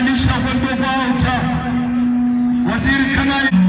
kumaanisha ugongo wao uta waziri kama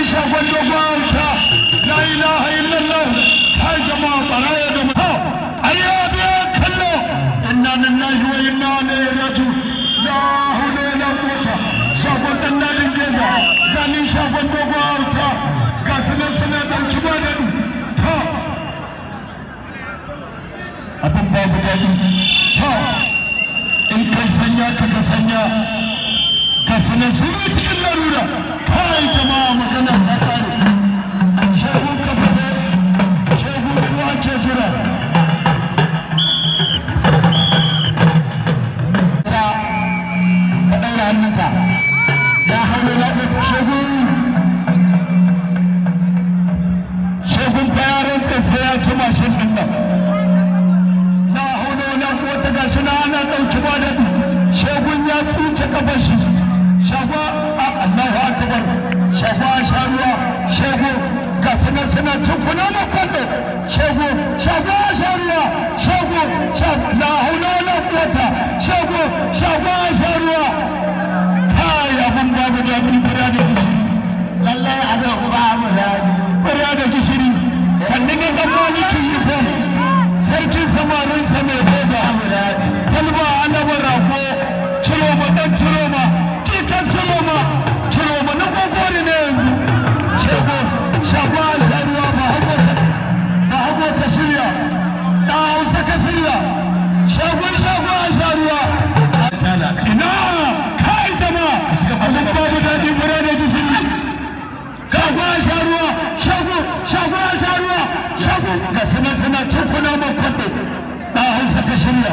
Aisha gwando gwanta la ilaha illallah ta jama'a baraya da mutu ariya biya kallo inna lillahi wa inna ilaihi raji'un la hawla wala quwwata shagon dan dadin geza ganin shagon gwanta ga sunan suna dan kiba da ta abin babu daɗi ta in kai sanya ka sanya ya ci mashin ɗin nan la haula wala quwwata gashi na ana ɗauki ba da shegun ya tsuke kafa shi shafa a Allahu akbar a sharuwa shego ga sanar suna na kunanan kwando shego shafa sharuwa na la haula wala quwwata shego shafa ga sunan suna cikuna man kwaɗo ɗan hausa ka shirya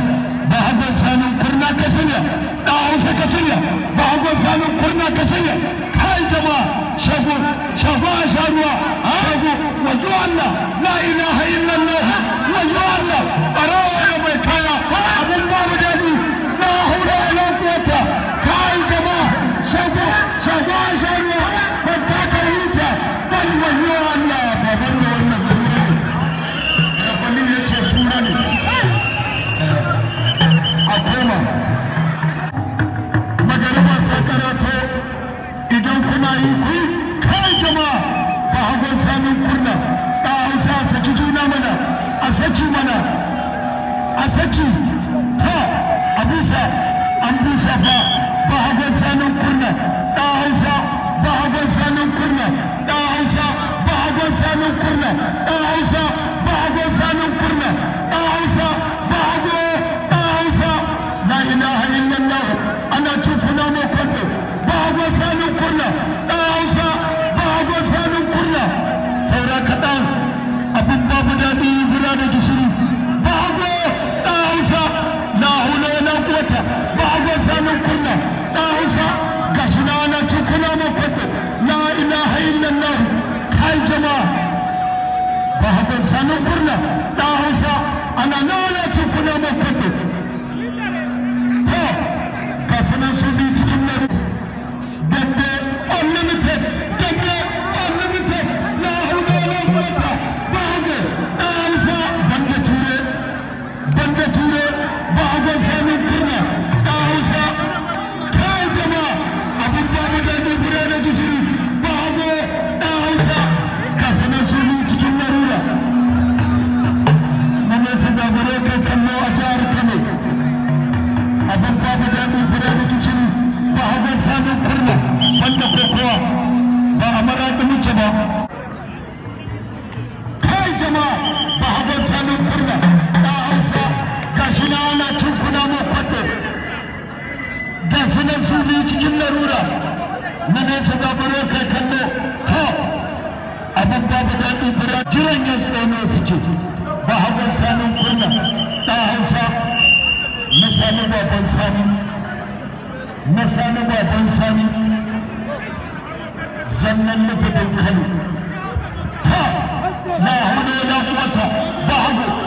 ba hagon sanin kurna ka shirya ɗan hausa ka shirya ba hagon sanin kurna ka shirya kai jama'a shago shago a sharuwa shago wajen Allah la ina And I know that daɗi birane kishin ba hagar samun kurna banda kokowa ba a maraɗi muke ba kai jama'a ba hagar samun kurna ɗa hausa gashi na ana cin kuna ma kwaɗo ga su na su biyu cikin larura na nesa gabaro kai kallo to abin babu daɗi birane jiran yanzu ɗauno suke ba hagar samun نسانو بابن ساني زمن لبدن خلو تا لا هنا لا قوة بعض